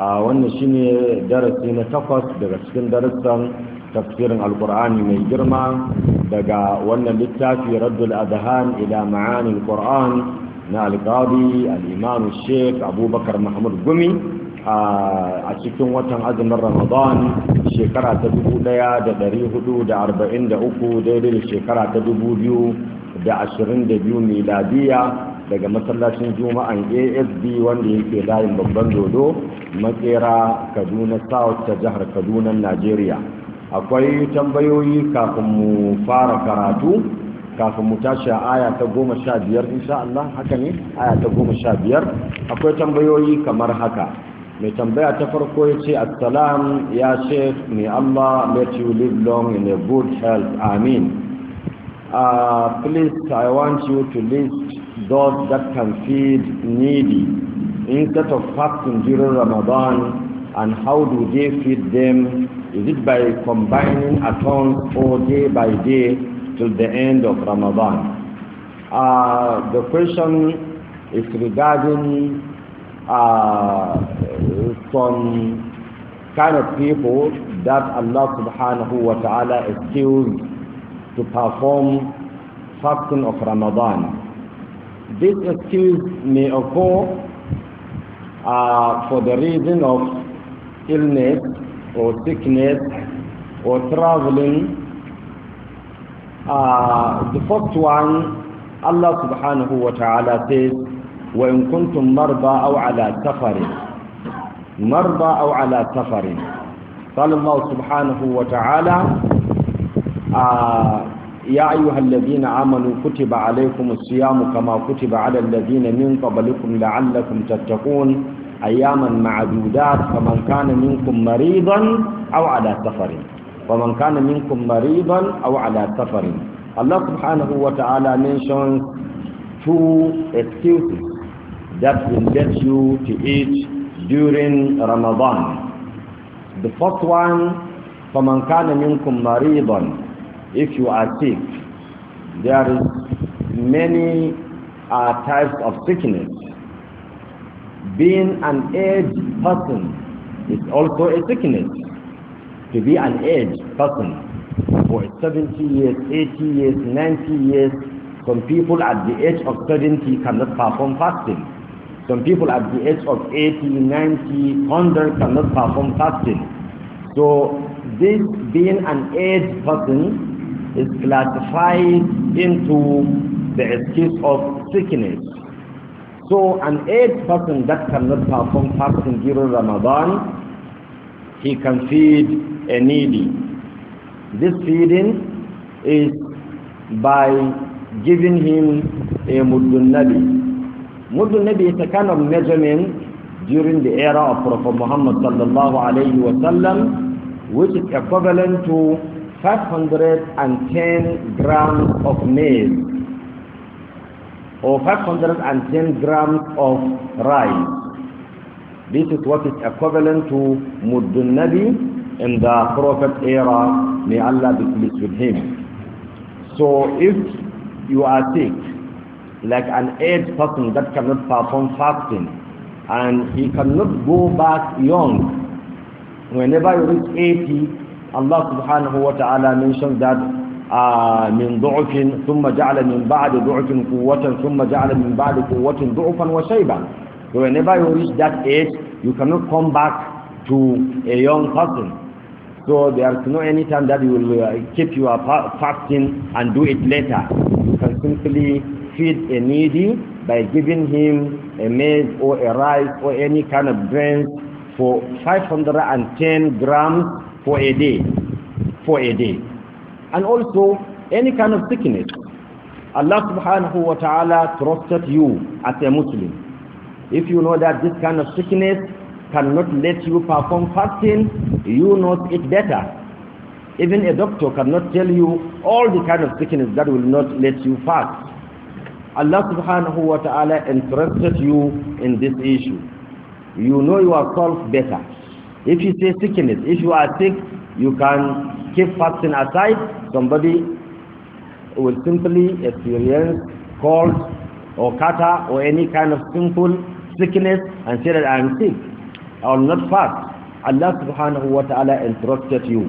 a wannan shine darasi na takwas daga cikin darussan tafsirin alkur'ani mai girma daga wannan littafi raddul adhan ila ma'anil qur'an na alqadi al-imam sheikh abubakar mahmud gumi a cikin watan azumin ramadan shekara ta 1443 daidai da shekara ta 2022 miladiya daga masallacin juma'an asb wanda yake layin babban dodo makera kaduna south ta jihar kaduna najeriya akwai tambayoyi kafin mu fara karatu kafin mu tashi aya ta goma sha biyar insha Allah haka ne aya ta goma sha biyar akwai tambayoyi kamar haka mai tambaya ta farko ya ce assalam ya ce may Allah let you live long in a good health amin uh, please I want you to list those that can feed needy instead of fasting during Ramadan and how do they feed them? Is it by combining accounts or day by day till the end of Ramadan? Uh, the question is regarding uh, some kind of people that Allah subhanahu wa ta'ala is skilled to perform fasting of Ramadan This excuse may occur uh, for the reason of illness or sickness or traveling. Uh, the first one, Allah subhanahu wa ta'ala says, وَإِن كُنْتُمْ مَرْضَى أَوْ عَلَى سَفَرٍ مَرْضَى أَوْ عَلى سَفَرٍ قال الله سبحانه وتعالى uh, ya ayyuhal ladina amanu kutiba alaykumus siyam kama kutiba alal ladina min qablikum la'allakum tattaqun ayyaman ma'dudat faman kana minkum maridan aw ala safarin faman kana minkum maridan aw ala safarin Allah subhanahu wa ta'ala mentions two excuses that will get you to eat during Ramadan the first one faman kana minkum maridan if you are sick, there is many uh, types of sickness. Being an aged person is also a sickness. To be an aged person for 70 years, 80 years, 90 years, some people at the age of 70 cannot perform fasting. Some people at the age of 80, 90, 100 cannot perform fasting. So this being an aged person is classified into the excuse of sickness. So an aged person that cannot perform fasting during Ramadan, he can feed a needy. This feeding is by giving him a mudun nabi. nabi is a kind of measurement during the era of Prophet Muhammad sallallahu alayhi wa sallam, which is equivalent to 510 grams of maize or 510 grams of rice. This is what is equivalent to Muddun Nabi in the Prophet era. May Allah be pleased with him. So if you are sick, like an aged person that cannot perform fasting, and he cannot go back young, whenever you reach 80, Allah subhanahu wa ta'ala mentioned that uh, من ضعف ثم جعل من بعد ضعف قوة ثم جعل من بعد قوة ضعفا وشيبا so whenever you reach that age you cannot come back to a young person so there is no any time that you will uh, keep your fasting and do it later you can simply feed a needy by giving him a maize or a rice or any kind of grains for 510 grams for a day, for a day. And also, any kind of sickness. Allah subhanahu wa ta'ala trusted you as a Muslim. If you know that this kind of sickness cannot let you perform fasting, you know it better. Even a doctor cannot tell you all the kind of sickness that will not let you fast. Allah subhanahu wa ta'ala entrusted you in this issue. You know yourself better. If you say sickness, if you are sick, you can keep fasting aside. Somebody will simply experience cold or kata or any kind of simple sickness and say that I am sick. I will not fast. Allah subhanahu wa ta'ala instructed you.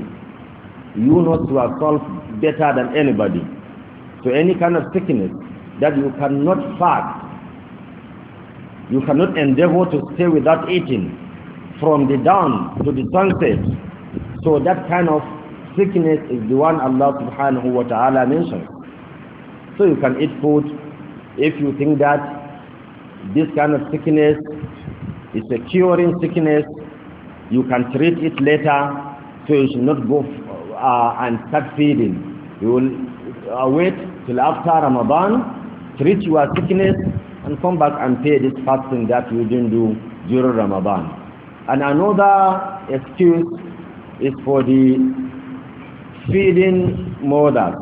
You know to yourself better than anybody. So any kind of sickness that you cannot fast, you cannot endeavor to stay without eating. from the dawn to the sunset. So that kind of sickness is the one Allah subhanahu wa ta'ala mentioned. So you can eat food if you think that this kind of sickness is a curing sickness, you can treat it later, so you should not go uh, and start feeding. You will uh, wait till after Ramadan, treat your sickness, and come back and pay this fasting that you didn't do during Ramadan. And another excuse is for the feeding mothers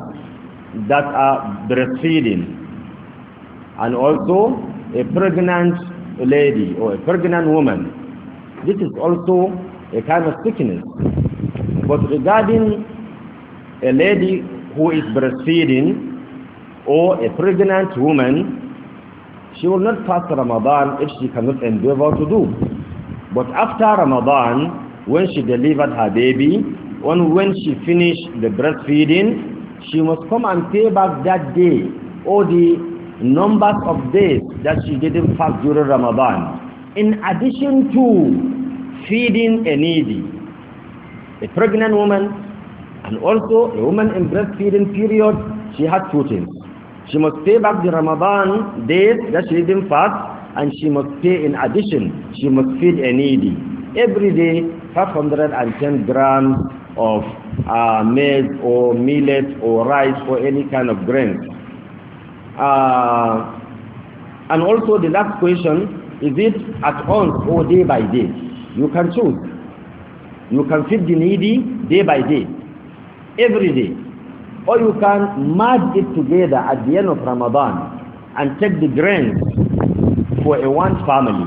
that are breastfeeding and also a pregnant lady or a pregnant woman. This is also a kind of sickness. But regarding a lady who is breastfeeding or a pregnant woman, she will not fast Ramadan if she cannot endeavor to do. But after Ramadan, when she delivered her baby, and when she finished the breastfeeding, she must come and pay back that day or the numbers of days that she didn't fast during Ramadan. In addition to feeding a needy, a pregnant woman and also a woman in breastfeeding period, she had two things. She must pay back the Ramadan days that she didn't fast and she must pay in addition, she must feed a needy. Every day, 510 grams of uh, maize or millet or rice or any kind of grain. Uh, and also the last question, is it at once or day by day? You can choose. You can feed the needy day by day, every day. Or you can merge it together at the end of Ramadan and take the grains for a one family.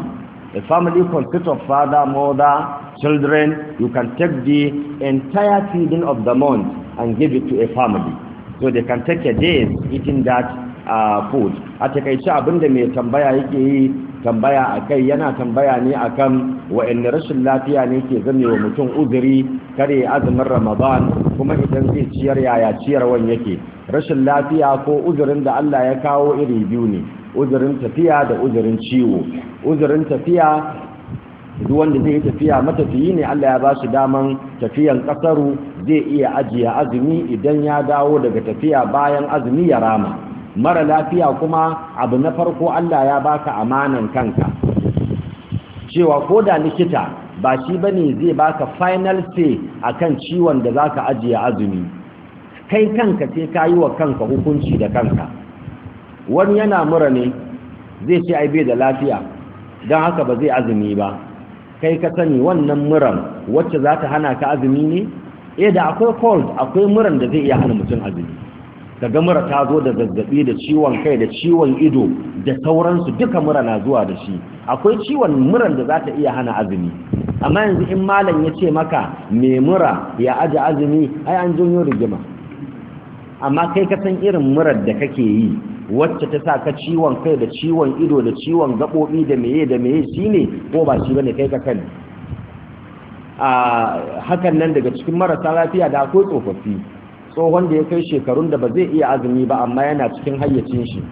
A family consists of father, mother, children. You can take the entire feeding of the month and give it to a family. So they can take a day eating that uh, food. A takaice abinda mai tambaya yake yi tambaya akai yana tambaya ne akan kan wa'in rashin lafiya ne ke zame wa mutum uzuri kare azumin ramadan kuma idan zai ciyar yaya ciyarwan yake rashin lafiya ko uzurin da allah ya kawo iri biyu ne uzurin tafiya da uzurin ciwo uzurin tafiya duk wanda zai tafiya matafiyi ne Allah ya ba shi daman tafiyan kasaru zai iya ajiye azumi idan ya dawo daga tafiya bayan azumi ya rama mara lafiya kuma abu na farko Allah ya baka amanan kanka cewa ko da likita ba shi bane zai baka final say kan ciwon da za ka ajiye azumi kai kanka sai ka yi wa kanka hukunci da kanka wani yana mura ne zai ce ai bai da lafiya don haka ba zai azumi ba kai ka sani wannan muran wacce za ta hana ka azumi ne eh da akwai cold akwai muran da zai iya hana mutum azumi daga mura ta zo da zazzabi da ciwon kai da ciwon ido da sauransu duka mura na zuwa da shi akwai ciwon muran da za ta iya hana azumi amma yanzu in malam ya ce maka me mura ya aji azumi ai an janyo rigima amma kai ka san irin murar da kake yi wacce ta sa ka ciwon kai da ciwon ido da ciwon gaɓoɓi da meye da meye shi ne ko ba shi bane kai ka kan a hakan nan daga cikin marasa lafiya da akwai tsofaffi tsohon da ya kai shekarun da ba zai iya azumi ba amma yana cikin hayyacin shi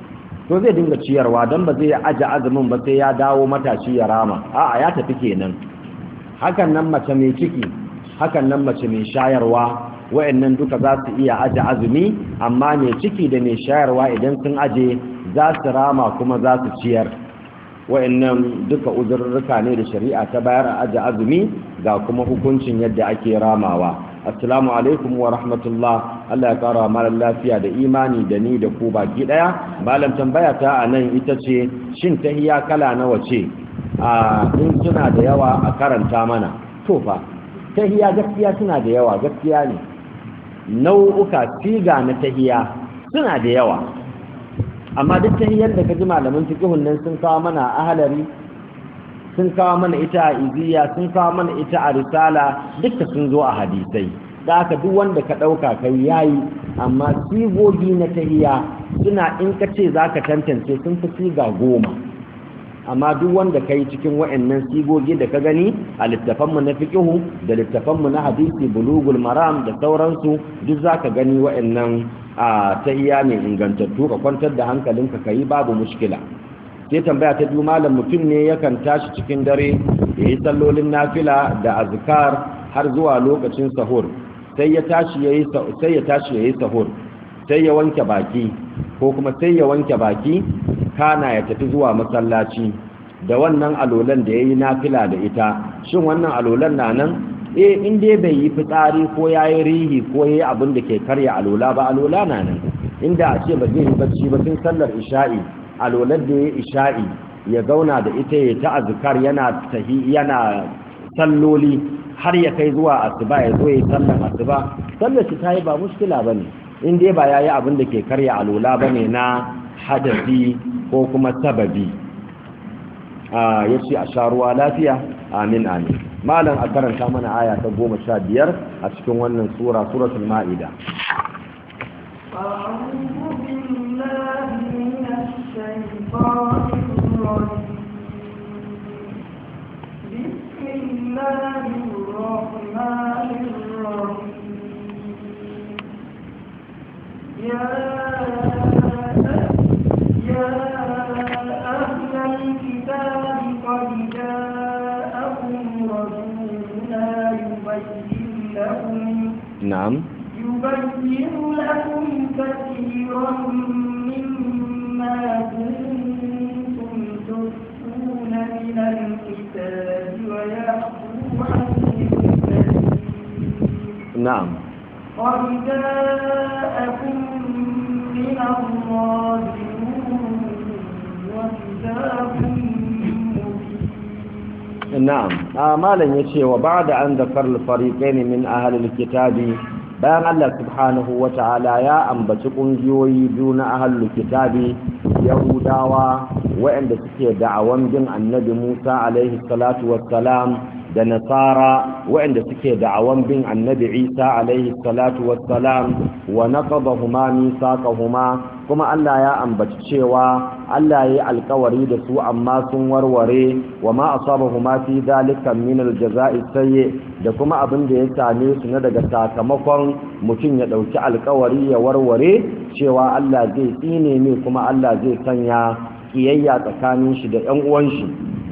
to zai dinga ciyarwa don ba zai aje azumin ba sai ya dawo matashi ya rama a'a ya tafi kenan hakan nan mace mai ciki hakan nan mace mai shayarwa wayannan duka za su iya aje azumi amma mai ciki da mai shayarwa idan sun aje za su rama kuma za su ciyar wayannan duka uzurruka ne da shari'a ta bayar a aje azumi ga kuma hukuncin yadda ake ramawa assalamu alaikum wa rahmatullah Allah ya kara malar lafiya da imani da ni da ku baki daya malam tambaya ta a nan ita ce shin tahiya kala nawa ce a in suna da yawa a karanta mana to fa tahiya gaskiya suna da yawa gaskiya ne nau'uka siga na tahiya suna da yawa amma duk tahiyar da kaji malamin fiqhun nan sun kawo mana ahlari sun kawo mana ita a iziya sun kawo mana ita a risala duka sun zo a hadisai da aka duk wanda ka ɗauka kai yayi amma sigogi na tahiya suna in kace ce za ka tantance sun fi siga goma amma duk wanda kai cikin wa'annan sigogi da ka gani a littafanmu na fiqihu da littafanmu na hadisi bulugul maram da sauransu duk zaka gani wa'annan a iya mai ingantattu ka kwantar da hankalinka kai babu mushkila sai tambaya ta biyu malam mutum ne yakan tashi cikin dare ya yi sallolin nafila da azkar har zuwa lokacin sahur sai ya tashi sai ya tashi yayi sahur sai ya wanke baki ko kuma sai ya wanke baki kana ya tafi zuwa masallaci da wannan alolan da ya yi nafila da ita shin wannan alolan na nan eh in bai yi fitsari ko ya yi rihi ko ya yi abin da ke karya alola ba alola na nan inda a ce ba zai yi bacci ba sun sallar isha'i alolan da ya yi isha'i ya zauna da ita ya ta azkar yana tahi yana salloli har ya kai zuwa asuba ya zo ya sallar asuba sallar shi ta yi ba muskila ba ne in dai ba ya yi abin da ke karya alula ne na hadafi ko kuma sababi a yace a sha lafiya amin amin malam a karanta mana aya ta goma sha biyar a cikin wannan sura suratul maida بسم الله الرحمن الرحيم نعم يبين لكم كثيرا مما كنتم تخفون من الكتاب ويعفو عن كثير نعم قد جاءكم من الله na'am malan yace wa ba'da an zakar al-fariqain min ahli al-kitabi bayan Allah subhanahu wa ta'ala ya ambaci kungiyoyi biyu na ahli al-kitabi yahudawa waɗanda suke da'awan bin annabi Musa alaihi salatu wassalam da nasara waɗanda suke da'awan bin annabi isa alaihi salatu wassalam wa naqadahuma misaqahuma kuma Allah ya ambaci cewa Allah yayi alkawari da su amma sun warware wa ma asabahuma fi dhalika min aljaza'i sayyi da kuma abin da ya same su na daga sakamakon mutum ya dauki alkawari ya warware cewa Allah zai tsine ne kuma Allah zai sanya kiyayya tsakanin shi da ƴan uwan shi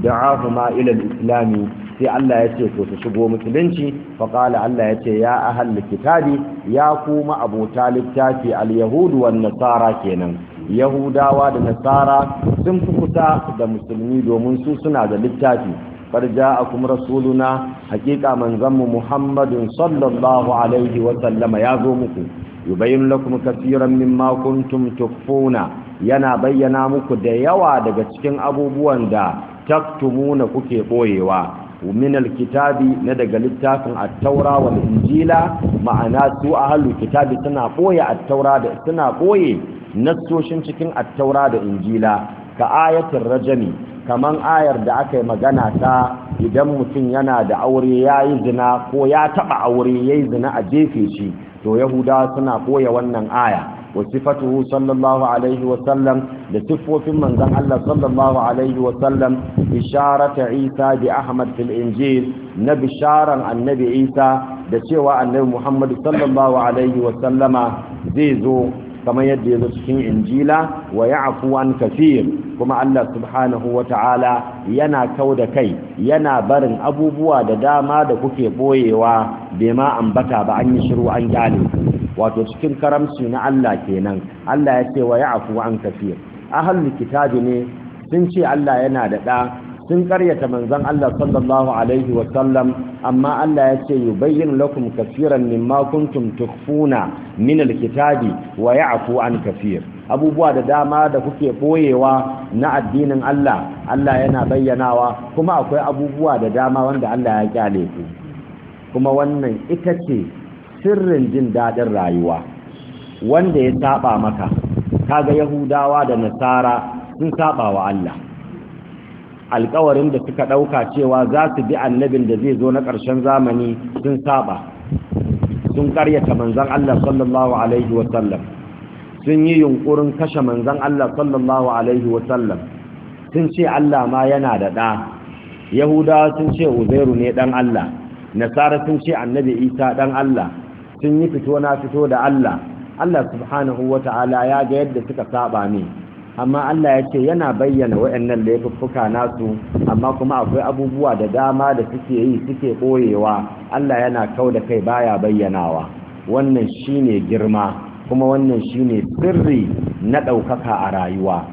da'ahuma ila al-islami sai Allah ya ce ko su shigo musulunci faƙala Allah ya ce ya ahal kitabi ya kuma abota littafi al-yahudu wa nasara kenan yahudawa da nasara sun fi kusa da musulmi domin su suna da littafi farja akum rasuluna hakika manzanmu muhammadin sallallahu alaihi wa sallama ya zo muku yubayyin lakum kaseeran mimma kuntum tukfuna yana bayyana muku da yawa daga cikin abubuwan da taktumuna kuke boyewa min alkitabi na daga littafin at-taura wal injila ma'ana su ahlul kitabi suna boye at-taura da boye nassoshin cikin at-taura da injila ka ayatin rajami kaman ayar da aka yi magana ta idan mutum yana da aure ya yi zina ko ya taɓa aure ya yi zina a jefe shi to yahudawa suna koya wannan aya wa sifatuhu sallallahu alaihi wa sallam da sifofin manzon Allah sallallahu alaihi wa sallam isharata Isa bi Ahmad fil Injil na bisharan annabi Isa da cewa annabi Muhammadu sallallahu alaihi wa sallama zai zo kamar yadda yazo cikin Injila wa ya'fu an kaseer kuma Allah subhanahu wa ta'ala yana kauda kai yana barin abubuwa da dama da kuke ɓoyewa bai ma ambata ba an yi shiru an gane wato cikin karamci na Allah kenan Allah ya ce wa ya'fu an kafir ahlul kitabi ne sun ce Allah yana da ɗa sun karyata manzon Allah sallallahu alaihi wa sallam amma Allah ya ce yubayyin lakum kafiran mimma kuntum tukhfuna min alkitabi wa ya'fu an kafir abubuwa da dama da kuke boyewa na addinin Allah Allah yana bayyanawa kuma akwai abubuwa da dama wanda Allah ya kyale ku kuma wannan ita ce sirrin jin daɗin rayuwa wanda ya saba maka kaga yahudawa da nasara sun saba wa Allah alƙawarin da suka ɗauka cewa za su bi annabin da zai zo na ƙarshen zamani sun saba sun ƙaryata manzan Allah sallallahu alaihi wasallam sun yi yunkurin kashe manzan Allah sallallahu alaihi wasallam sun ce Allah ma yana da ɗa yahudawa sun ce uzairu ne ɗan Allah nasara sun ce annabi isa ɗan Allah sun yi fito na fito da Allah Allah subhanahu ta'ala ya ga yadda suka saba ne amma Allah ya ce yana bayyana waɗannan laifuffuka nasu amma kuma akwai abubuwa da dama da suke yi suke ɓoyewa Allah yana kau da kai baya bayyanawa wannan shine girma kuma wannan shine sirri na ɗaukaka a rayuwa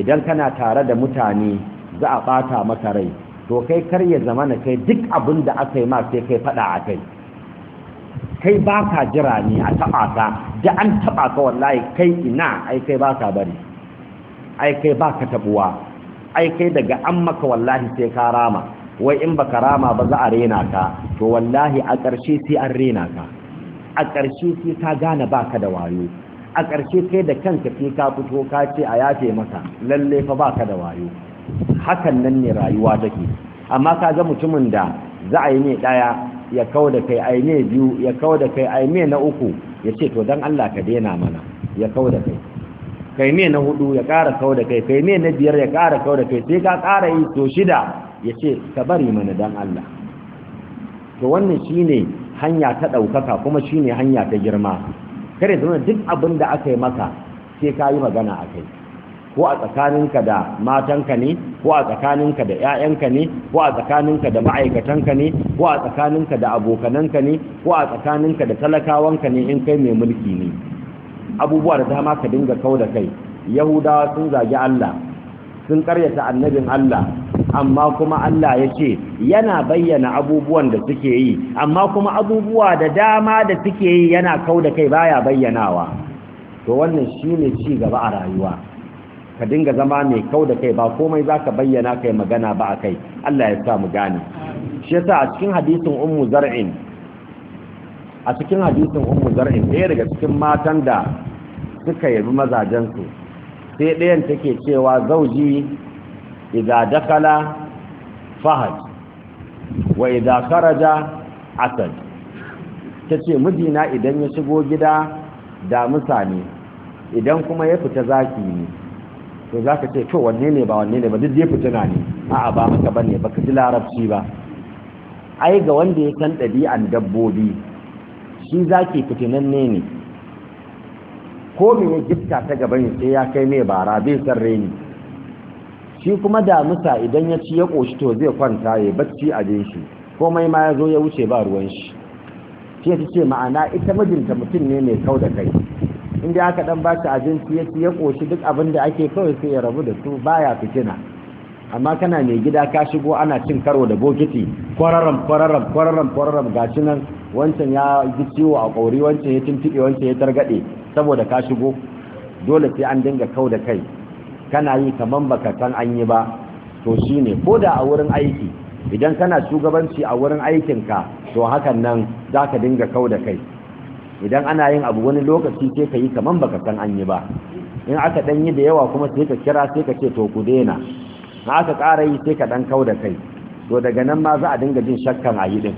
idan kana tare da mutane za a ɓata maka rai to kai kar ya zama na kai duk abin da aka yi ma sai kai faɗa a kai kai ba ka jira ne a taɓa ka da an taɓa ka wallahi kai ina ai kai ba ka bari ai kai ba ka taɓuwa ai kai daga an maka wallahi sai ka rama wai in baka rama ba za a rena ka to wallahi a ƙarshe sai an rena ka a ƙarshe sai ka gane ba ka da wayo a ƙarshe kai da kanka sai ka fito ka ce a yafe maka lalle fa ba ka da wayo hakan nan ne rayuwa take amma ka ga mutumin da za a yi ne ɗaya ya kawo da kai aime biyu ya kawo da kai aime na uku ya ce to don Allah ka daina mana ya kawo da kai kai me na hudu ya kara kawo da kai kai me na biyar ya kara kawo da kai sai ka kara yi to shida ya ce ka bari mana dan Allah to wannan shine hanya ta ɗaukaka kuma shine hanya ta girma kare zama duk abin da aka yi maka sai ka yi magana akai. ko a tsakaninka da matanka ne ko a tsakaninka da 'ya'yanka ne ko a tsakaninka da ma'aikatanka ne ko a tsakaninka da abokananka ne ko a tsakaninka da talakawanka ne in kai mai mulki ne abubuwa da dama ka dinga kau da kai yahudawa sun zagi allah sun karyata annabin allah amma kuma allah ya ce yana bayyana abubuwan da suke yi amma kuma abubuwa da dama da suke yi yana kau da kai baya bayyanawa to wannan shine ci gaba a rayuwa ka dinga zama mai kau da kai ba komai za ka bayyana kai magana ba akai. Allah ya sa mu gane shi yasa a cikin hadisin ummu zar'in a cikin hadisin ummu zar'in ɗaya daga cikin matan da suka yabi mazajen su, sai ɗayan take cewa zauji idza dakala fahad wa idza kharaja asad tace mijina idan ya shigo gida da misali idan kuma ya fita zaki ne to za ka ce to wanne ne ba wanne ne ba duk jefu fitina ne a'a ba haka ba ne ba ka ji larabci ba ai ga wanda ya san ɗabi'an dabbobi shi zaki fitinanne ne ko me ya gifta ta gaban sai ya kai mai bara bai san reni shi kuma musa idan ya ci ya ƙoshi to zai kwanta ya bacci a jin shi komai ma ya zo ya wuce ba ruwan shi shi ta ce ma'ana ita mijinta mutum ne mai kau da kai inda aka dan baka abinci ya ya koshi duk abin da ake kawai sai ya rabu da su baya fitina amma kana mai gida ka shigo ana cin karo da bokiti kwararam kwararam kwararam kwararam gashi nan wancan ya ji ciwo a kauri wancan ya tuntuɓe wancan ya targaɗe saboda ka shigo dole sai an dinga kau da kai kana yi kaman baka san an yi ba to shine ko da a wurin aiki idan kana shugabanci a wurin aikinka to hakan nan za ka dinga kau da kai idan ana yin abu wani lokaci sai ka yi kaman baka san an yi ba in aka dan yi da yawa kuma sai ka kira sai ka ce to ku daina na aka ƙara yi sai ka dan kau da kai to daga nan ma za a dinga jin shakkan a yi din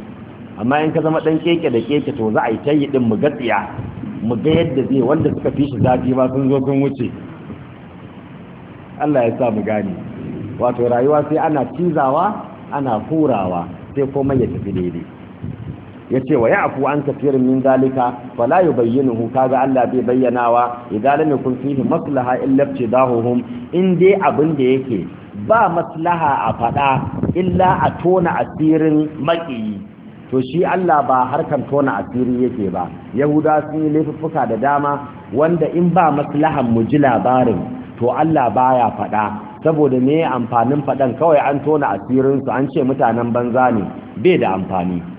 amma in ka zama dan keke da keke to za a yi tayi din mu gatsiya mu ga yadda zai wanda suka fi shi zafi ba sun zo sun wuce Allah ya sa mu gane wato rayuwa sai ana cizawa ana hurawa sai komai ya tafi daidai Ya ce wa ya'fu an tafiyar min fa fala yubayyinuhu kaga Allah bai bayyanawa idan lam yakun fihi maslaha illa ibtidahuhum in dai abin da yake ba maslaha a fada illa a tona asirin maki to shi Allah ba harkan tona asiri yake ba yahuda sun yi laifuffuka da dama wanda in ba maslahan mu ji labarin to Allah baya fada saboda me amfanin fadan kawai an tona asirin su an ce mutanen banza ne bai da amfani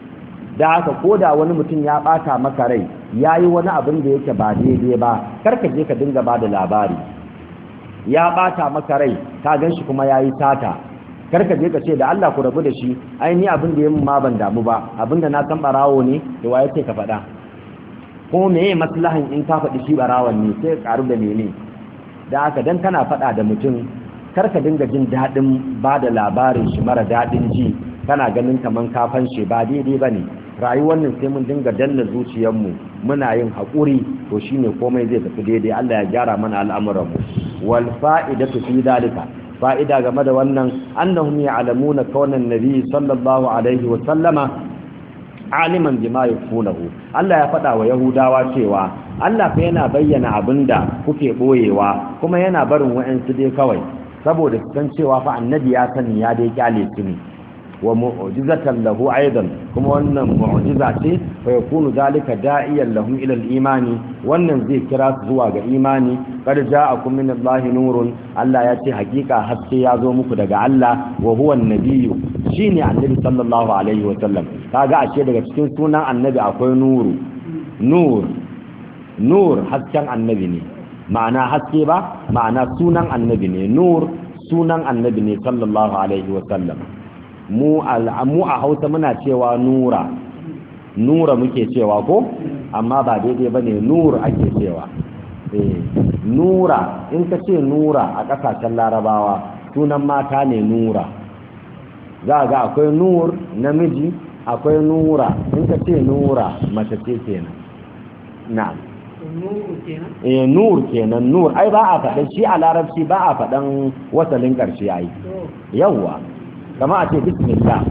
da haka ko da wani mutum ya bata maka rai ya yi wani abin da yake ba daidai ba karka je ka dinga ba da labari ya bata maka rai ka gan shi kuma ya yi tata karka je ka ce da Allah ku rabu da shi ai ni abin da ya ma ban damu ba abin da na san barawo ne da waye ce ka faɗa ko me meye maslahan in ka faɗi shi barawon ne sai ka karu da mene da aka dan kana faɗa da mutum karka dinga jin daɗin ba da labarin shi mara daɗin ji kana ganin kaman kafan shi ba daidai ba ne rayuwar nan sai mun dinga danna zuciyarmu muna yin haƙuri to shine komai zai tafi daidai Allah ya gyara mana al'amuranmu wal fa'idatu fi dalika fa'ida game da wannan annahum ya'lamuna kaunan nabi sallallahu alaihi wa sallama aliman bima yakunahu Allah ya faɗa wa Yahudawa cewa Allah fa yana bayyana abinda kuke boyewa kuma yana barin wa'ansu dai kawai saboda su san cewa fa annabi ya sani ya dai kyale su ne wa mu'jizatan lahu aidan kuma wannan mu'jiza ce fa yakunu zalika da'iyan lahum ila al-imani wannan zai kira zuwa ga imani qad ja'akum min Allahi nurun Allah ya ce hakika haske ya zo muku daga Allah wa huwa an-nabiyyu shine annabi sallallahu alaihi wa sallam kaga ashe daga cikin sunan annabi akwai nuru nur nur hasken annabi ne ma'ana haske ba ma'ana sunan annabi ne nur sunan annabi ne sallallahu alaihi wa sallam mu a hausa muna cewa nura nura muke cewa ko amma ba daidai ba ne nur ake cewa eh, nura in ka ce nura a ƙasashen larabawa sunan mata ne nura za ga akwai nur namiji akwai nura in ka ce nura mace ce kenan na'am eh nur kenan nur ai ba a faɗin shi a larabci ba a faɗin wasalin ƙarshe ai yawwa kama a ce bismillah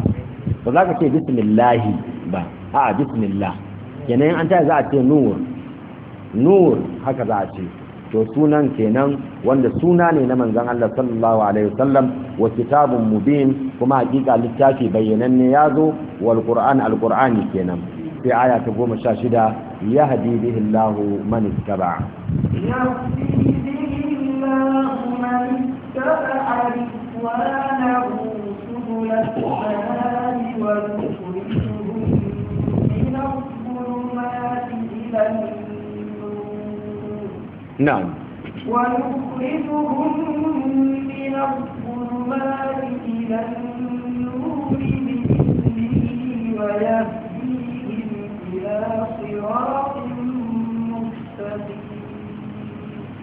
ba za ka ce bismillahi ba a bismillah kenan an ta za a ce nur nur haka za a ce to sunan kenan wanda suna ne na manzon Allah sallallahu alaihi wasallam wa kitabun mubin kuma hakika littafi bayyananne ya zo wal qur'an al qur'ani kenan sai aya ta 16 yahdi bihi Allah man ittaba yahdi bihi Allah man ittaba نعم ونخرجهم من الظلمات إلى النور بإذنه ويهديهم إلى صراط مستقيم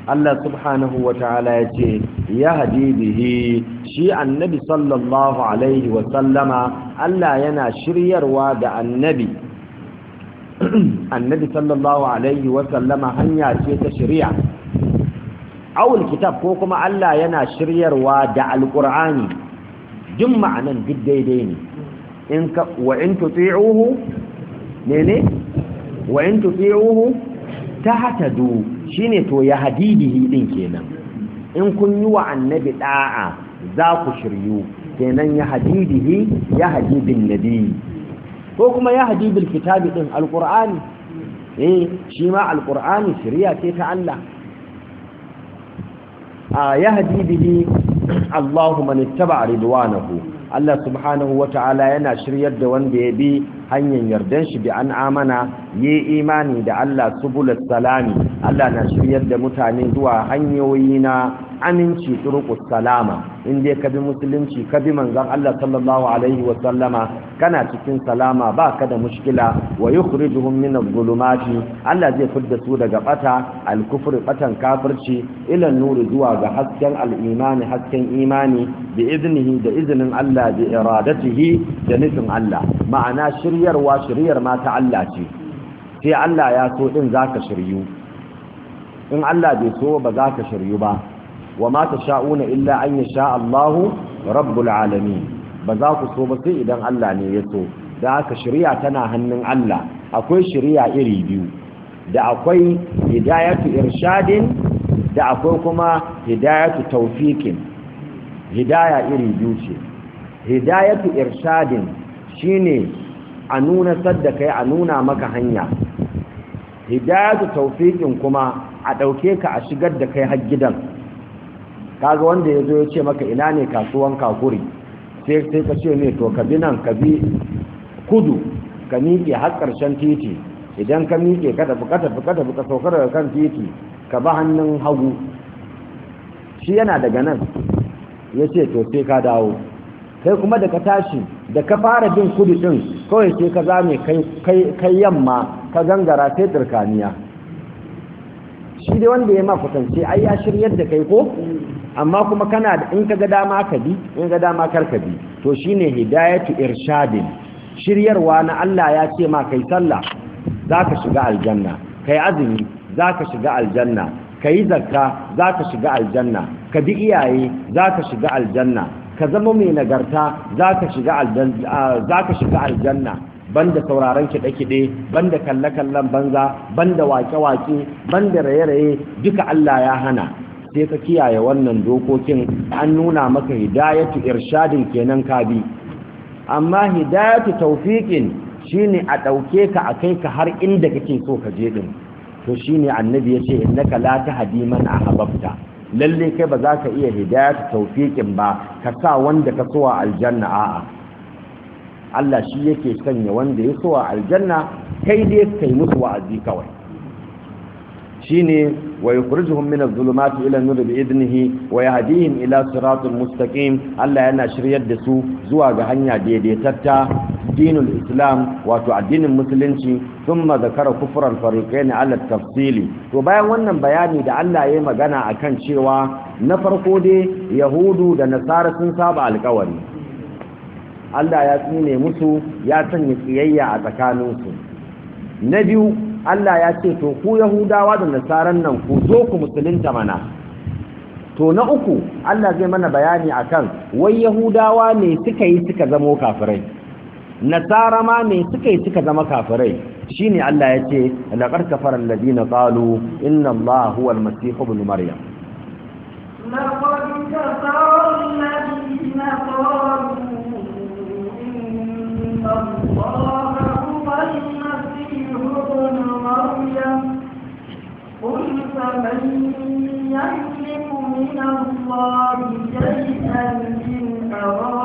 Allah subhanahu wa ta'ala ya ce, Ya hadibihi shi annabi sallallahu Alaihi sallama, Allah yana shiryarwa da annabi annabi sallallahu alaihi wa sallama hanya ce ta shari'a awul kitab ko kuma Allah yana shiryarwa da alqur'ani duk ma'anan duk daidai ne in ka wa in tuti'uhu nene wa in tuti'uhu tahtadu shine to ya hadidihi din kenan in kun yi wa annabi da'a za ku shiryu kenan ya hadidihi ya hadidin nabi ko kuma ya hadidul kitabi din alqur'ani eh shi ma alqur'ani shari'a ce ta Allah a yahdi bihi Allahu man ittaba ridwanahu Allah subhanahu wata'ala yana shiryar da wanda ya bi hanyar yardan shi da an amana yi imani da Allah subulus salami Allah na shiryar da mutane zuwa hanyoyi na aminci turuqus salama in dai ka bi musulunci ka bi manzan Allah sallallahu alaihi wa sallama kana cikin salama ba ka da mushkila wa yukhrijuhum min adh-dhulumati Allah zai fidda su daga bata al-kufr batan kafirci ila nuri zuwa ga hasken al-imani hasken imani bi iznihi da iznin Allah bi iradatihi da nufin Allah ma'ana shirya shiryarwa shiryar ma ta Allah ce sai Allah ya so din zaka shiryu in Allah bai so ba zaka shiryu ba wa ma tasha'una illa an yasha Allah rabbul alamin ba za ku so ba sai idan Allah ne ya so da haka shiriya tana hannun Allah akwai shiriya iri biyu da akwai hidayatu irshadin da akwai kuma hidayatu tawfiqin hidaya iri biyu ce hidayatu irshadin shine a nuna sadda kai a nuna maka hanya hidayatu tawfiqin kuma a dauke ka a shigar da kai har gidan kaga wanda yazo ya ce maka ina ne kasuwan kakuri sai sai ka ce ne to ka bi nan ka bi kudu ka miƙe har ƙarshen titi idan ka miƙe ka tafi ka tafi ka saukar da kan titi ka ba hannun hagu shi yana daga nan ya ce to sai ka dawo sai kuma da ka tashi da ka fara bin kudi ɗin, kawai sai ka zame kai yamma ka gangara sai turkaniya shi dai wanda ya ma ai ya shiryar da kai ko amma kuma kana da in ka ga dama ka bi in ga dama kar ka bi to shine hidayatu irshadin shiryarwa na Allah ya ce ma kai sallah ka shiga aljanna kai azumi zaka shiga aljanna kai zakka zaka shiga aljanna ka bi iyaye zaka shiga aljanna ka zama mai nagarta za ka shiga aljanna banda sauraron kiɗe-kiɗe banda kalle-kallen banza banda wake-wake banda raye-raye duka Allah ya hana sai ka kiyaye wannan dokokin an nuna maka hidayatu irshadin kenan ka bi amma hidayatu tawfiqin shine a ɗauke ka a kai ka har inda kake so ka je din to shine annabi yace innaka la tahdi a hababta. lalle kai ba za ka iya hidayat taufiƙin ba ka sa wanda ka sowa aljanna a'a Allah shi yake sanya wanda ya sowa aljanna kai dai kai musu wa'azi kawai shine wa yukhrijuhum min adh-dhulumati ila an-nur bi idnihi wa hadihin ila siratin mustaqim Allah yana shiryar da su zuwa ga hanya daidaitatta dinul islam wato addinin musulunci thumma zakara kufran fariqain ala tafsili to bayan wannan bayani da Allah ya yi magana akan cewa na farko dai yahudu da nasara sun saba alƙawari Allah ya tsine musu ya sanya kiyayya a tsakaninsu na biyu Allah ya ce to ku yahudawa da nasaran nan ku zo ku musulunta mana to na uku Allah zai mana bayani akan wai yahudawa ne suka yi suka zamo kafirai nasara ma me suka yi suka zama kafirai shine Allah ya ce laqad kafara alladhina qalu inna Allah huwa al-masih ibn maryam laqad kafara alladhina qalu inna Allah huwa al-masih ibn maryam قل فمن يملك من الله شيئا إن أراد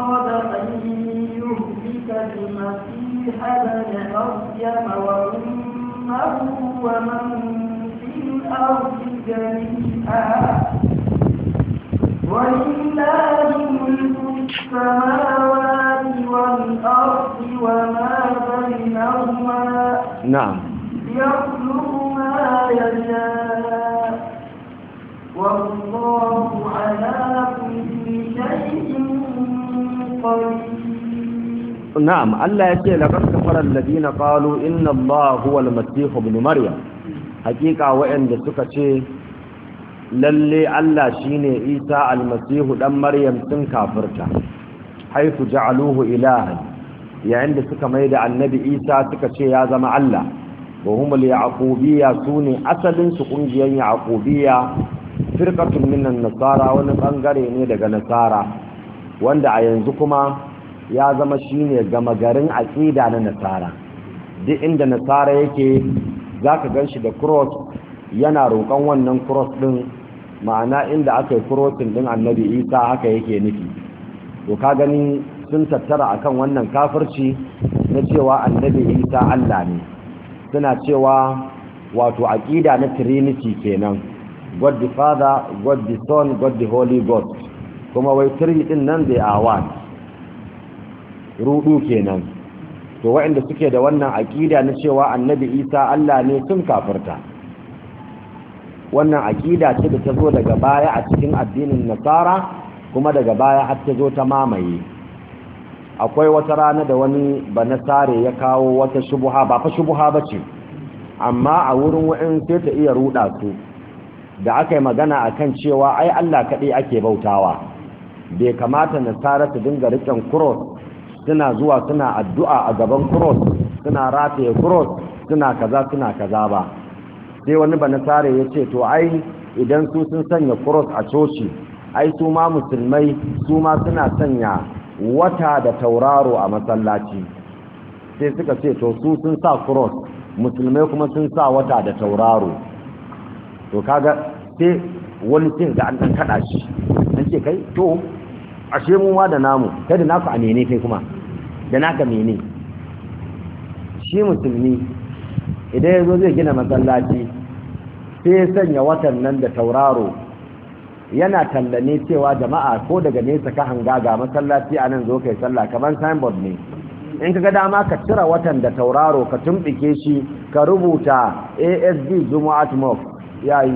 حبل مريم وأمه ومن في الأرض جميعا ولله ملك السماوات والأرض وما بينهما نعم يخلق ما يشاء والله على كل شيء قدير na'am Allah ya ce laqad kafara alladhina qalu inna Allah huwa al-masih ibn maryam hakika waanda suka ce lalle Allah shine Isa al-masih dan maryam sun kafirta haifu ja'aluhu ilahan yayin da suka maida annabi Isa suka ce ya zama Allah wa humul yaqubiyya sune asalin su kungiyar yaqubiyya firqatun minan nasara wani bangare ne daga nasara wanda a yanzu kuma ya zama shi ne gama garin aƙida na nasara duk inda nasara yake zaka ganshi da cross yana roƙon wannan cross ɗin, ma'ana inda aka yi crossing din annabi Isa haka yake nufi to ka gani sun tattara akan wannan kafirci na cewa annabi Isa Allah ne suna cewa wato aƙida na trinity kenan god the father god the son god the holy ghost kuma wai trinity nan da awa? rudu kenan to waɗanda suke da wannan aƙida na cewa annabi isa allah ne sun kafirta wannan aƙida ce da ta zo daga baya a cikin addinin nasara kuma daga baya har ta zo ta mamaye akwai wata rana da wani banasare ya kawo wata shubuha ba fa shubuha ba ce amma a wurin wa'in sai ta iya ruɗa su da aka yi magana a kan cewa ai Allah kaɗai ake bautawa bai kamata nasara su dinga riƙen kuros suna zuwa suna addu'a a gaban cross suna rataye cross suna kaza suna kaza ba sai wani tsare ya ce to ai idan su sun sanya cross a coci ai su ma musulmai su ma suna sanya wata da tauraro a masallaci sai suka ce to su sun sa cross musulmai kuma sun sa wata da tauraro to kaga sai wani sai da an kada shi an ce kai to ashe mu ma da namu kai da naku a nene kai kuma da naka mene shi musulmi idan ya zo zai gina masallaci sai ya sanya watan nan da tauraro yana tallane cewa jama'a ko daga nesa ka hanga ga masallaci a nan zo kai sallah kamar signboard ne in ka ga dama ka cire watan da tauraro ka tumbike shi ka rubuta asd jumu'at Ya yayi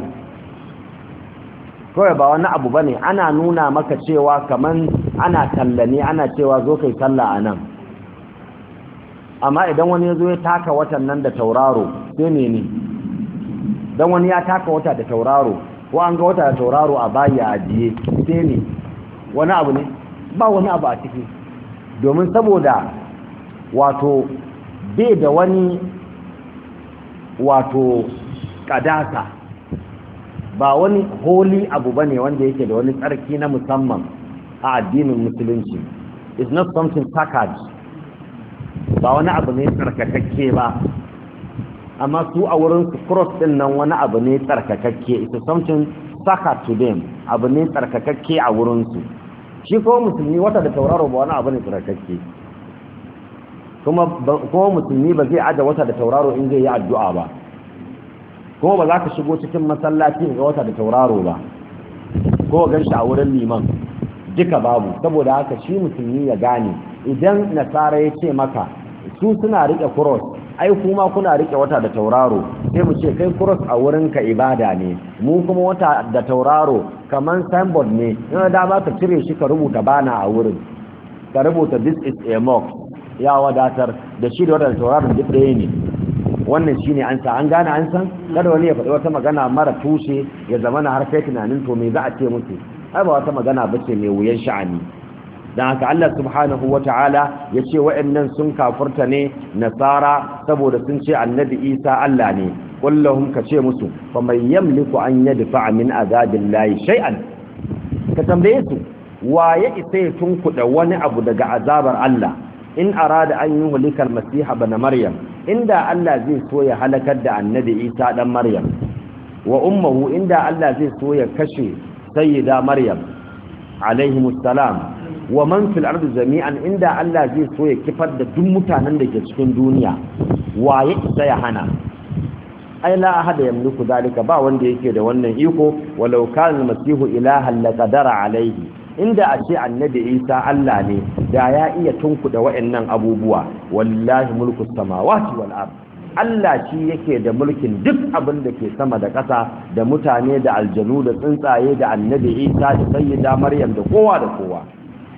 kawai ba wani abu bane ana nuna maka cewa kaman ana tallane ana cewa zo kai sallah a nan amma idan wani ya zo ya taka watan nan da tauraro sai ne ne dan wani ya taka wata da tauraro ko an ga wata da tauraro a bayi a ajiye sai ne wani abu ne ba wani abu a ciki domin saboda wato bai da wani wato kadasa ba wani holi abu bane wanda yake da wani tsarki na musamman a addinin musulunci is not something sacred ba wani abu ne tsarkakakke ba amma su a wurin cross din nan wani abu ne tsarkakakke is something saka to them abu ne tsarkakakke a wurin su shi ko musulmi wata da tauraro ba wani abu ne tsarkakakke kuma ko musulmi ba zai aje wata da tauraro in zai yi addu'a ba ko ba za ka shigo cikin masallaci ga wata da tauraro ba ko gan shi a wurin liman duka babu saboda haka shi musulmi ya gane idan nasara ya ce maka su suna rike cross ai kuma kuna rike wata da tauraro sai mu ce kai cross a wurin ka ibada ne mu kuma wata da tauraro kaman symbol ne ina da ba ka cire shi ka rubuta bana a wurin ka rubuta this is a mock ya wadatar da shi da wadatar tauraro duk ɗaya ne wannan shine an sa an gane an san kada wani ya faɗi wata magana mara tushe ya zama na har tunanin to me za a ce musu ai ba wata magana bace mai wuyan sha'ani da haka Allah subhanahu wata'ala yace waɗannan sun kafurta ne nasara saboda sun ce annabi Isa Allah ne ka ce musu fa may yamliku an yadfa min layi shai'an ka tambaye su waye isa ya tunkuda wani abu daga azabar Allah in da an yi hulikar masiha bana maryam inda Allah zai so ya halakar da annabi Isa dan maryam wa ummahu inda Allah zai so ya kashe sayyida maryam alaihi wa man fil ardi jami'an inda Allah zai so ya kifar da duk mutanen da ke cikin duniya waye ya ya hana ai la ahada yamliku zalika ba wanda yake da wannan iko walau kana masihu ilahan la qadara alaihi. inda a ce annabi Isa Allah ne da ya iya tunkuda waɗannan abubuwa wallahi mulku samawati wal ard Allah shi yake da mulkin duk abin da ke sama da ƙasa da mutane da aljanu da tsuntsaye da annabi Isa da sayyida Maryam da kowa da kowa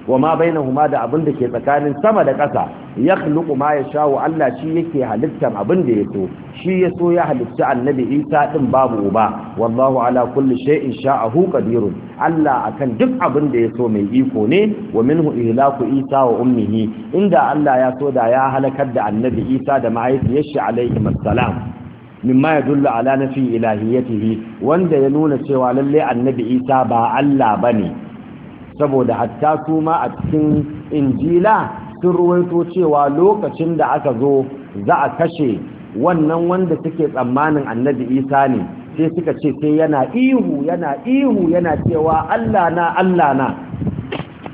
wa ma huma da abin da ke tsakanin sama da ƙasa ya ma ya yasha'u Allah shi yake halittan abin da so. shi Ya so ya halitta annabi Isa din babu uba wallahu ala kulli shay'in sha'ahu qadirun Allah akan duk abin da so mai iko ne wa minhu ihlaku Isa wa ummihi inda Allah ya so da ya halakar da annabi Isa da mahaifiyar shi alaihi assalam mimma yadullu ala nafi ilahiyatihi wanda ya nuna cewa lalle annabi Isa ba Allah bane saboda hatta su ma a cikin injila sun ruwaito cewa lokacin da aka zo za a kashe wannan wanda suke tsammanin annabi isa ne sai suka ce sai yana ihu yana ihu yana cewa allah na allah na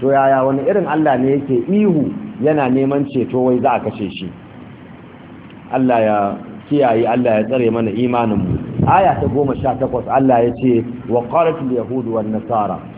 to yaya wani irin allah ne yake ihu yana neman ceto wai za a kashe shi allah ya kiyaye allah ya tsare mana imaninmu aya ta goma sha takwas allah ya ce wa ƙarfi yahudu wa nasara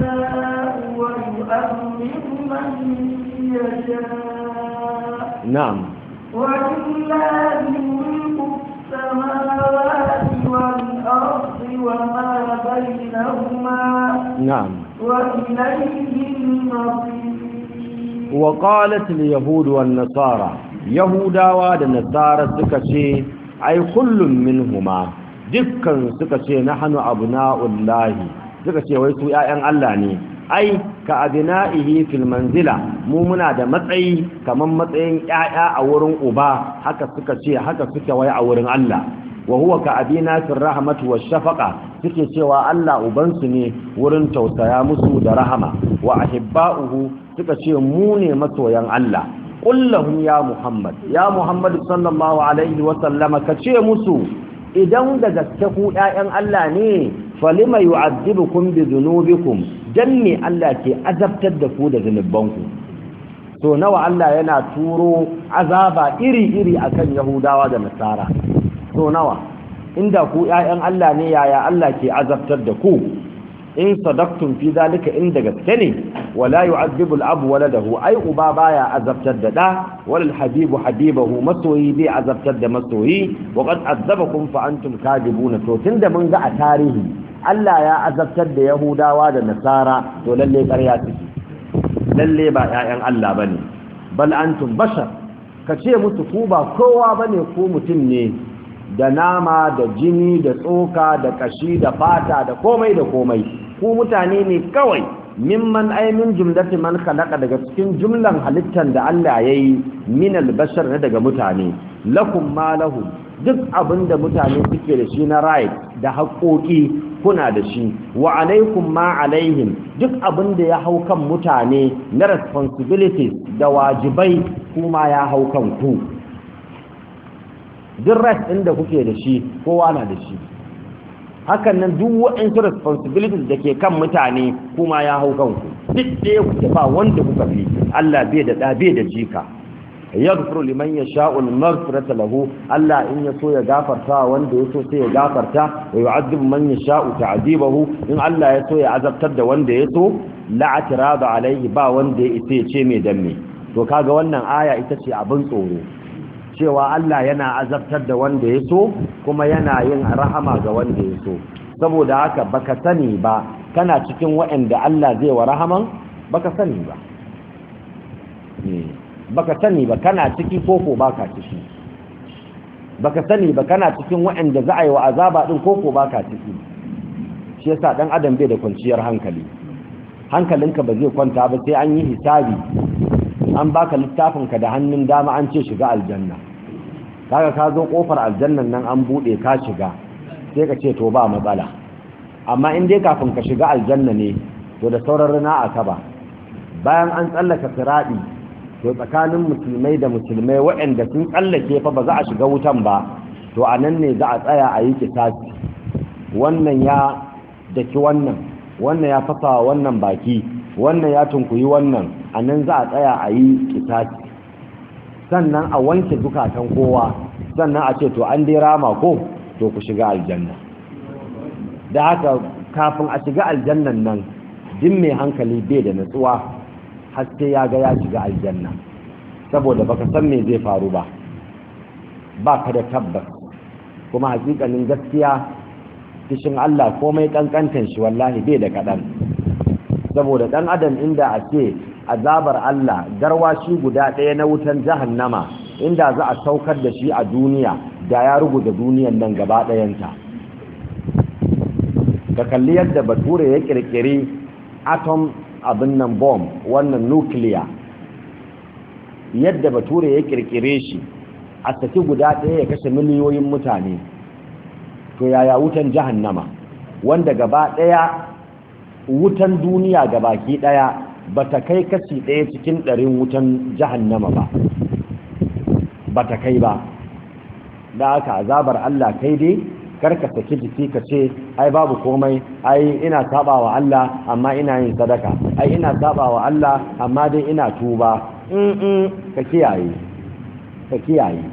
يبلغ من يشاء نعم ولله ملك السماوات والأرض وما بينهما نعم وإليه المصير وقالت اليهود والنصارى يهودا والنصارى سكشي أي كل منهما dukkan suka ce nahanu abna'ullahi suka ce wai su ƴaƴan Allah ne ai ka abina'ihi fil manzila mu muna da matsayi kamar matsayin ƴaƴa a wurin uba haka suka ce haka suka wai a wurin Allah wa huwa ka abina fil rahmatu wash suke cewa Allah ubansu ne wurin tausaya musu da rahama wa ahibba'uhu suka ce mu ne masoyan Allah kullahum ya Muhammad ya Muhammad sallallahu alaihi wa sallama kace musu idan da gaske ku ƴaƴan Allah ne falima yu'adhibukum bi dhunubikum dan me Allah ke azabtar da ku da zunubanku to nawa Allah yana turo azaba iri-iri akan Yahudawa da Nasara to nawa inda ku ya'yan Allah ne yaya Allah ke azabtar da ku in Sadaktun fi zalika in gaske ne wala yu'adhibu al-abu waladahu ai uba baya azabtar da da wala habibu habibahu masoyi bai azabtar da masoyi wa qad azabakum fa antum kadibuna to tunda mun ga a tarihi Allah ya azabtar da Yahudawa da Nasara to lalle ƙarya take lalle ba ƴaƴan Allah bane bal antum bashar ka ce musu ku ba kowa bane ku mutum ne da nama da jini da tsoka da kashi da fata da komai da komai ku mutane ne kawai mimman ay min jumlati man khalaqa daga cikin jumlan halittan da Allah yayi min albashar ne daga mutane lakum ma lahum duk abinda mutane suke da shi na right da haƙoƙi kuna da shi wa alaikum ma alaihim duk abin da ya hau kan mutane na responsibilities da wajibai kuma ya hau kan ku duk rest ɗin da kuke da shi kowa na da shi hakan nan duk waɗansu responsibilities da ke kan mutane kuma ya hau kan ku duk ya kuke ba wanda kuka fi Allah bai da ɗa bai da jika yaghfiru liman yasha'u al-maghfirata lahu Allah in ya so ya gafarta wanda ya so sai ya gafarta wa yu'adhibu man yasha'u ta'dibahu in Allah ya so ya azabtar da wanda yaso so la'atirada alaihi ba wanda ya ya ce mai danne to kaga wannan aya ita ce abin tsoro cewa Allah yana azabtar da wanda ya so kuma yana yin rahama ga wanda yaso saboda haka baka sani ba kana cikin waɗanda Allah zai wa rahaman baka sani ba hmm. baka sani ba kana ciki koko baka ciki baka sani ba kana cikin waɗanda za a yi wa azaba din koko baka ciki shi yasa dan adam bai da kwanciyar hankali hankalinka ba zai kwanta ba sai an yi hisabi an baka littafinka da hannun dama an ce shiga aljanna kaga ka zo kofar aljannan nan an bude ka shiga sai ka ce to ba matsala amma in dai kafin ka shiga aljanna ne to da sauran rana a ba bayan an tsallaka siradi to tsakanin musulmai da musulmai waɗanda sun tsallake fa ba za a shiga wutan ba to a nan ne za a tsaya a yi kisasi wannan ya daki wannan wannan ya fasa wannan baki wannan ya tunkuyi wannan a nan za a tsaya a yi kisasi sannan a wanke zukatan kowa sannan a ce to an dai rama ko to ku shiga aljanna da haka kafin a shiga aljannan nan din mai hankali bai da natsuwa haske ya ga ya shiga aljanna saboda baka san me zai faru ba ba ka da tabbas kuma hakikanin gaskiya kishin Allah komai kankantan shi wallahi bai da kaɗan saboda ɗan adam inda a ce azabar Allah shi guda ɗaya na wutan jahannama inda za a saukar da shi a duniya da ya rubuta duniyan nan gaba ɗayanta ka kalli yadda bature ya ƙirƙiri atom abin nan bomb wannan nukiliya, yadda bature ya kirkire shi a saki guda ɗaya ya kashe miliyoyin mutane to yaya wutan jahannama wanda gaba ɗaya wutan duniya gabaki ɗaya ba ta kai kashi ɗaya cikin ɗarin wutan jahannama ba ba ta kai ba da aka azabar Allah kai dai karka saki jiki ka ce ai babu komai ai ina saba wa Allah amma ina yin sadaka ai ina saba wa Allah amma dai ina tuba in ka kiyaye ka kiyaye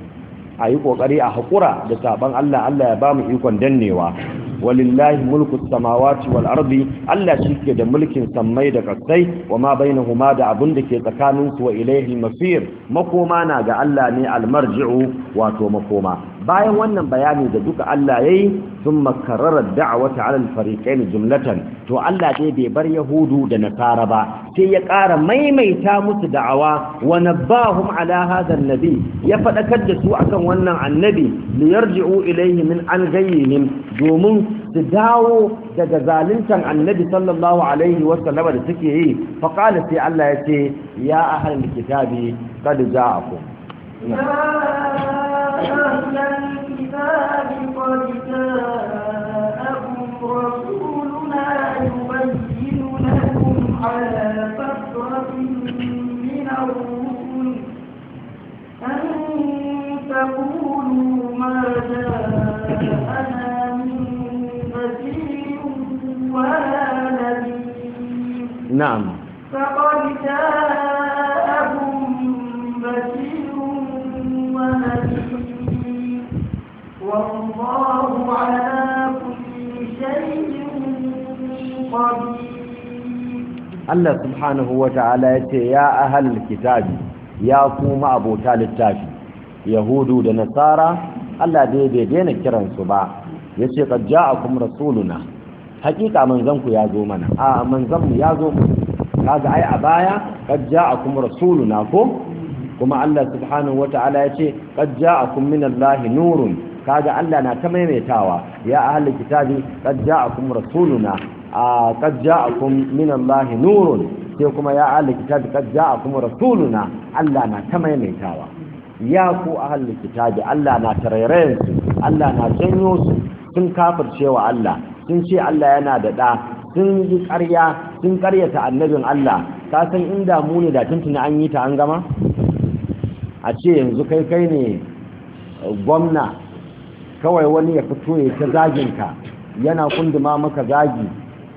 a yi ƙoƙari a haƙura da saban Allah Allah ya ba mu ikon dannewa walillahi mulku samawati wal ardi Allah shi ke da mulkin sammai da kasai wa ma bainahuma da abun da ke tsakanin su wa ilaihi masir makoma na ga Allah ne almarji'u wato makoma bayan wannan bayani da duka Allah yayi thumma karara da'wata 'ala al-fariqayn jumlatan to Allah dai bai bar yahudu da nasara ba sai ya ƙara maimaita musu da'awa wa nabbahum 'ala hadha an-nabi ya fadakar da su akan wannan annabi li yarji'u ilayhi min an gayyihim domin su dawo daga zaluntan annabi sallallahu alaihi wasallama da suke yi fa qala sai Allah ya ce ya ahlul kitabi qad ja'akum ya ahlul kitabi qad ja'akum rasuluna yubayyin lakum نعم فقد جاءهم بشير ونذير والله على كل شيء قدير Allah subhanahu wa ta'ala ya ce ya ahal kitabi ya kuma abota littafi yahudu da nasara Allah daidai daina kiransu ba ya ce ƙajja a kuma rasuluna hakika manzanku ya zo mana a manzanmu ya zo kaga ai a baya kad ja'akum rasuluna ko kuma Allah subhanahu wata'ala ya ce kad ja'akum minallahi nurun kaga Allah na ta maimaitawa ya ahli kitabi kad ja'akum rasuluna a kad ja'akum minallahi nurun sai kuma ya ahli kitabi kad ja'akum rasuluna Allah na ta maimaitawa ya ku ahli kitabi Allah na tarairayen su Allah na janyo su sun kafircewa Allah sun ce Allah yana da ɗa sun yi ƙarya sun ƙaryata annabin Allah ka san inda mu ne da tuntuna an yi ta an gama a ce yanzu kai kai ne uh, gwamna kawai wani ya fito ya ta zaginka yana kunduma maka zagi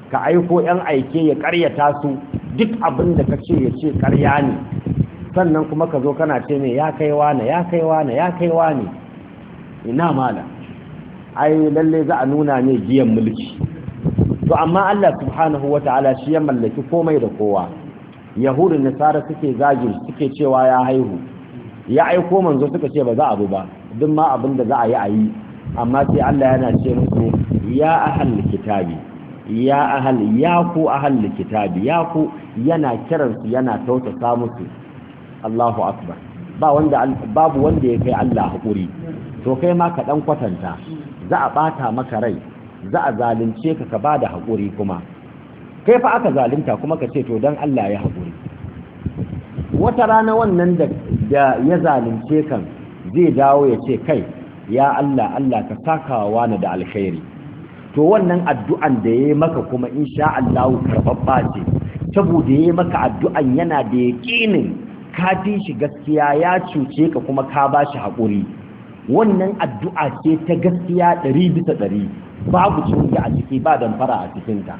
ka aiko 'yan aike ya ƙaryata su duk abin da ka ce ya ce ƙarya ne sannan kuma ka zo kana ce ne ya kaiwa ne ya kaiwa ne ya kaiwa ne ina mala ai lalle za a nuna ne giyan mulki to amma Allah subhanahu wataala shi ya mallaki komai da kowa yahudu nasara suke zagi suke cewa ya haihu ya aiko manzo suka ce ba za a bu ba duk ma abin da za a yi a yi amma sai Allah yana ce musu ya ahal kitabi ya ahal ya ku ahal kitabi ya ku yana kiransu yana tautasa musu Allahu akbar ba wanda babu wanda ya kai Allah hakuri to kai ma ka dan kwatanta za a bata maka rai za a zalunce ka ka bada haƙuri kuma kai fa aka zalunta kuma ka ce to dan Allah ya haƙuri wata rana wannan da ya zalunce kan zai dawo ya ce kai ya Allah Allah ka sakawa na da alkhairi to wannan addu'an da yayi maka kuma insha Allah karbabba ce saboda yayi maka addu'an yana da yaqinin ka fi shi gaskiya ya cuce ka kuma ka bashi haƙuri wannan addu'a ce ta gaskiya ɗari bisa ɗari babu cuta a ciki ba damfara a cikinta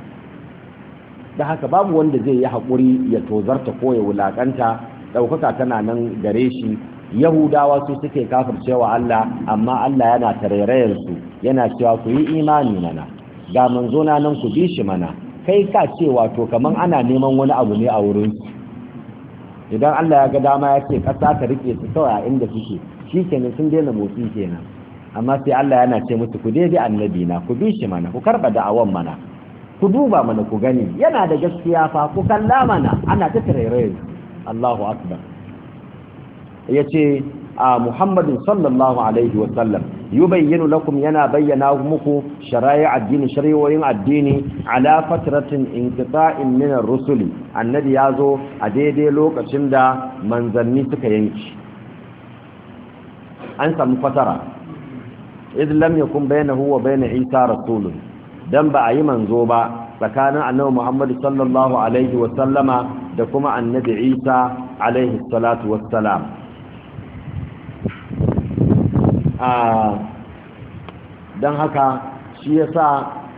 da haka babu wanda zai yi haƙuri ya tozarta ko ya wulaƙanta ɗaukaka tana nan gare shi yahudawa su suke kafircewa Allah amma Allah yana tarairayarsu yana cewa ku yi imani mana ga manzo na nan ku bi shi mana kai ka ce wato kaman ana neman wani abu ne a wurin idan Allah ya ga dama ya ce ƙasa ta rike su kawai a inda suke shi kenan sun daina motsi kenan amma sai Allah yana ce musu ku daidai annabi na ku bi shi mana ku karba da'awan mana ku duba mana ku gani yana da gaskiya fa ku kalla mana ana ta tarairayi Allahu akbar yace a Muhammadin sallallahu alaihi wa sallam yubayyinu lakum yana bayyana muku shara'i addini shari'o'in addini ala fatratin inqita'in min ar-rusuli annabi yazo a daidai lokacin da manzanni suka yanki an samu fatara idh lam yakun bainahu wa bain isa rasulun dan ba a yi manzo ba tsakanin annabi Muhammad sallallahu alaihi wa sallama da kuma annabi Isa alaihi salatu wassalam dan haka shi yasa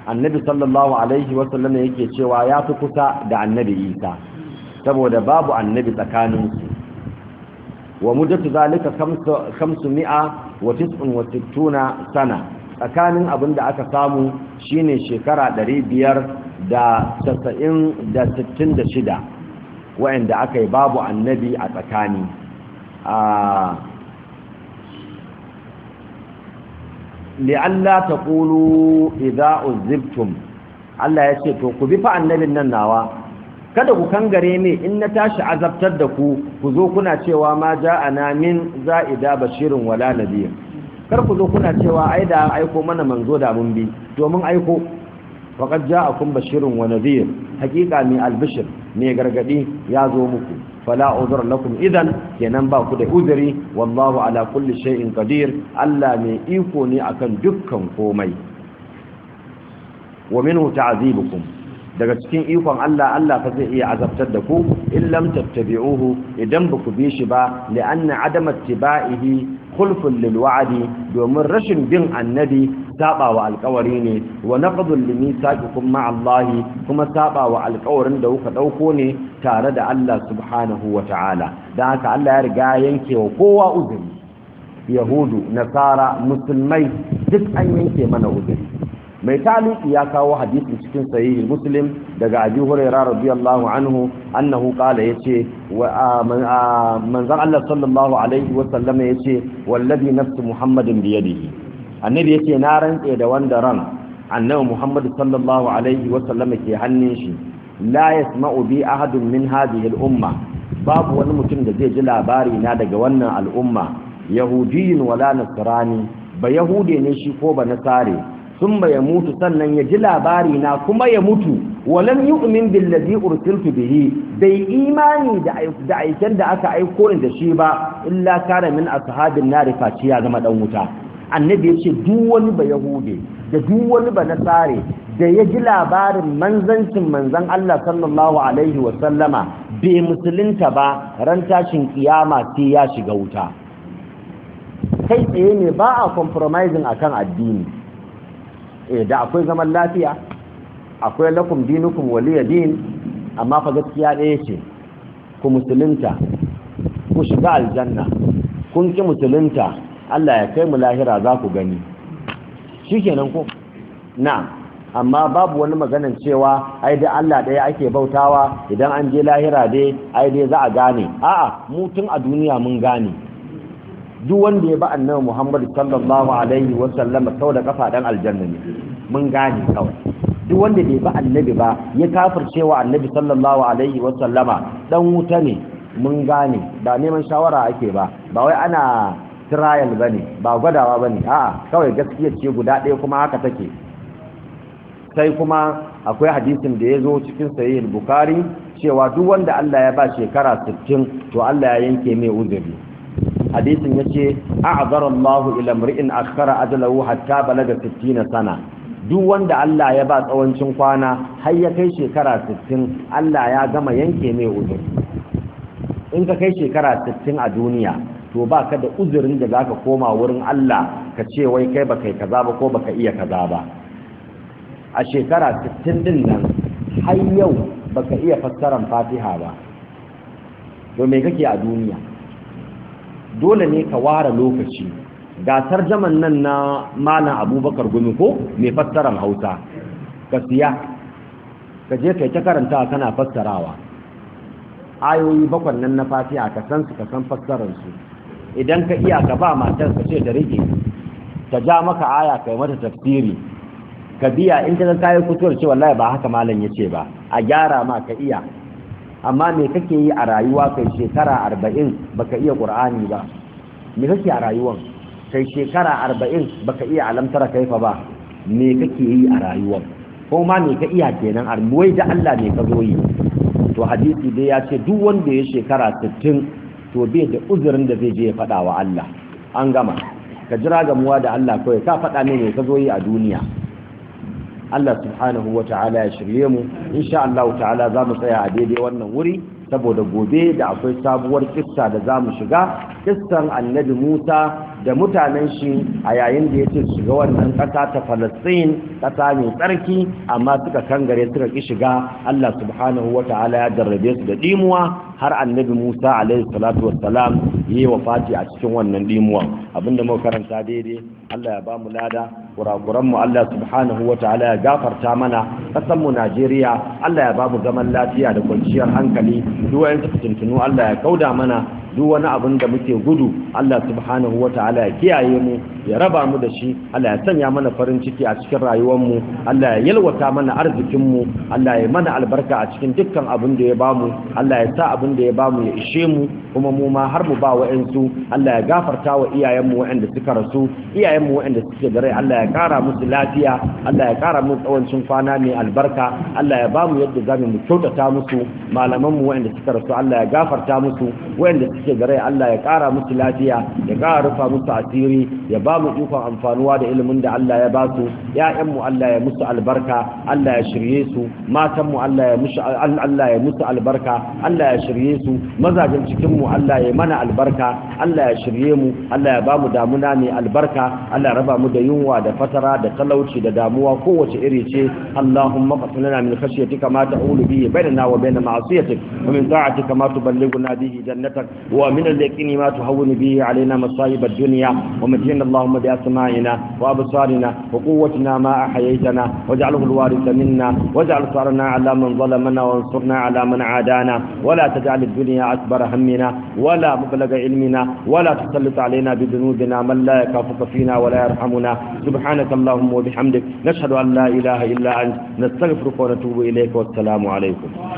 annabi sallallahu alaihi wa sallama yake cewa ya fi kusa da annabi Isa saboda babu annabi tsakaninsu ومدة ذلك خمسمائة وتسع وستون sana? tsakanin abin da aka samu shine shekara biyar da da shida, wa'anda aka yi babu annabi a tsakani li'alla ta ƙulu idza uzibtum Allah ya ce to ku bi fa annabin nan nawa kada ku kangare ne in na tashi azabtar da ku ku zo kuna cewa ma a min za'ida bashirin wala nabiyyin kar ku zo kuna cewa ai da aiko mana manzo da mun bi domin aiko faqad ja'akum bashirun wa nadhir haqiqa mai albishir mai gargadi ya zo muku fala udhur lakum idan kenan ba ku da uzuri wallahu ala kulli shay'in qadir Allah mai iko ne akan dukkan komai wa minhu ta'zibukum daga cikin ikon Allah Allah fa zai iya azabtar da ku in lam tattabi'uhu idan ba ku bi shi ba li'anna adam ittiba'ihi khulfun lil wa'di domin rashin bin annabi sabawa alƙawari ne wa naqdul limisaqikum ma Allah kuma sabawa alƙawarin da kuka dauko ne tare da Allah subhanahu wa ta'ala dan haka Allah ya riga yanke wa kowa uzuri yahudu nasara musulmai duk an yanke mana uzuri mai taliki ya kawo hadisin cikin sahihi muslim daga abi huraira radiyallahu anhu annahu qala yace wa manzan Allah sallallahu alaihi wa sallam yace wallabi nafsu muhammadin bi yadihi annabi yace na rantse da wanda ran annabi muhammad sallallahu alaihi wa sallam ke hannun shi la yasma'u bi ahadun min hadhihi al-umma babu wani mutum da zai ji labari na daga wannan al'umma Yahudiyun wala nasrani ba yahude ne shi ko ba nasare ya mutu sannan ya ji labari na kuma ya mutu walam yu'min billazi ursiltu bihi bai imani da aiken da aka aiko ni da shi ba illa kana min ashabin Nari faci ya zama dan wuta annabi yace duk wani ba yahude da duk wani ba nasare da ya ji labarin manzancin manzan Allah sallallahu alaihi wa sallama bai musulunta ba ran tashin kiyama sai ya shiga wuta kai tsaye ne ba a compromising akan addini eh da akwai zaman lafiya akwai lakum dinukum waliya din amma fa gaskiya ɗaya ce ku musulunta ku shiga aljanna kun ki musulunta Allah ya kai mu lahira za ku gani shikenan ko na'am amma babu wani maganan cewa ai da Allah ɗaya ake bautawa idan an je lahira dai ai dai za a gane a'a mu tun a duniya mun gane duk wanda ya ba annabi Muhammad sallallahu alaihi wa sallama sau da kafa dan aljanna ne mun gane kawai duk wanda bai ba annabi ba ya kafirce wa annabi sallallahu alaihi wa sallama dan wuta ne mun gane ba neman shawara ake ba ba wai ana trial bane ba gwadawa bane a'a kawai gaskiya ce guda ɗaya kuma haka take sai kuma akwai hadisin da ya zo cikin sahih bukhari cewa duk wanda Allah ya ba shekara 60 to Allah ya yanke mai uzuri hadisin yace a'zara Allahu ila mar'in akhara ajalahu hatta balaga 60 sana duk wanda Allah ya ba tsawancin kwana har ya kai shekara 60 Allah ya gama yanke mai uzur in ka kai shekara 60 a duniya to ba ka da uzurin da za ka koma wurin Allah ka ce wai kai baka yi kaza ba ko baka iya kaza ba a shekara 60 din nan har yau baka iya fassaran Fatiha ba to me kake a duniya dole ne ka ware lokaci ga tarjaman nan na malam abubakar gumi ko mai fassarar hausa ka siya ka je kai ta karanta kana fassarawa ayoyi bakwan nan na fatiha ka san su ka san fassararsu idan ka iya ka ba matar ka ce ta rike ta ja maka aya kai mata tafsiri ka biya in ta kayi kutuwar ce wallahi ba haka malam ce ba a gyara ma ka iya amma me kake yi a rayuwa kai shekara arba'in baka iya ƙur'ani ba me kake a rayuwan kai shekara arba'in baka iya alamtara kaifa ba me kake yi a rayuwan ko ma me ka iya kenan wai da Allah me ka zo yi to hadisi dai ya ce duk wanda ya shekara sittin, to bai da uzurin da zai je ya faɗa Allah an gama ka jira gamuwa da Allah kawai ka faɗa ne me ka zo yi a duniya Allah subhanahu wa ta'ala ya shirye mu insha Allah ta'ala za mu tsaya a daidai wannan wuri saboda gobe da akwai sabuwar kissa da za mu shiga kissan annabi Musa da mutanen shi a yayin da ya ce shiga wannan ƙasa ta falastin ƙasa mai tsarki amma suka kangare suka ƙi shiga Allah subhanahu wa ta'ala ya jarrabe su da ɗimuwa. har annabi Musa alaihi salatu wassalam yayi wafati a cikin wannan dimuwa abinda muka karanta daidai Allah ya ba mu lada kurakuranmu Allah subhanahu wa ta'ala ya gafarta mana kasan mu Najeriya Allah ya ba mu zaman lafiya da kwanciyar hankali duk wani fitintunu Allah ya kauda mana duk wani abin da muke gudu Allah subhanahu ta'ala ya kiyaye mu ya raba mu da shi Allah ya sanya mana farin ciki a cikin rayuwar mu Allah ya yalwata mana arzikin mu Allah ya mana albarka a cikin dukkan abin da ya bamu Allah ya sa abin da ya bamu ya ishe mu kuma mu ma har mu ba wa'ansu Allah ya gafarta wa iyayenmu mu suka rasu iyayenmu mu suke da rai Allah ya kara musu lafiya Allah ya kara musu tsawancin kwana ne albarka Allah ya bamu yadda zamu mu kyautata musu malaman mu wanda suka rasu Allah ya gafarta musu wanda suke gare Allah ya kara musu lafiya ya kara rufa musu asiri ya bamu ikon amfanuwa da ilimin da Allah ya basu 'ya'yan mu Allah ya musu albarka Allah ya shirye su matan mu Allah ya musu Allah ya musu albarka Allah ya shirye su mazajen cikin mu Allah ya mana albarka Allah ya shirye mu Allah ya bamu damuna mai albarka Allah ya raba mu da yunwa da fatara da talauci da damuwa kowace iri ce Allah اللهم اغفر لنا من خشيتك ما تحول به بيننا وبين معصيتك ومن طاعتك ما تبلغنا به جنتك ومن اليقين ما تهون به علينا مصائب الدنيا ومتين اللهم بأسمائنا وأبصارنا وقوتنا ما أحييتنا واجعله الوارث منا واجعل صارنا على من ظلمنا وانصرنا على من عادانا ولا تجعل الدنيا أكبر همنا ولا مبلغ علمنا ولا تسلط علينا بذنوبنا من لا يكافك فينا ولا يرحمنا سبحانك اللهم وبحمدك نشهد أن لا إله إلا أنت nastaghfiruka wa natubu ilayka wa assalamu alaikum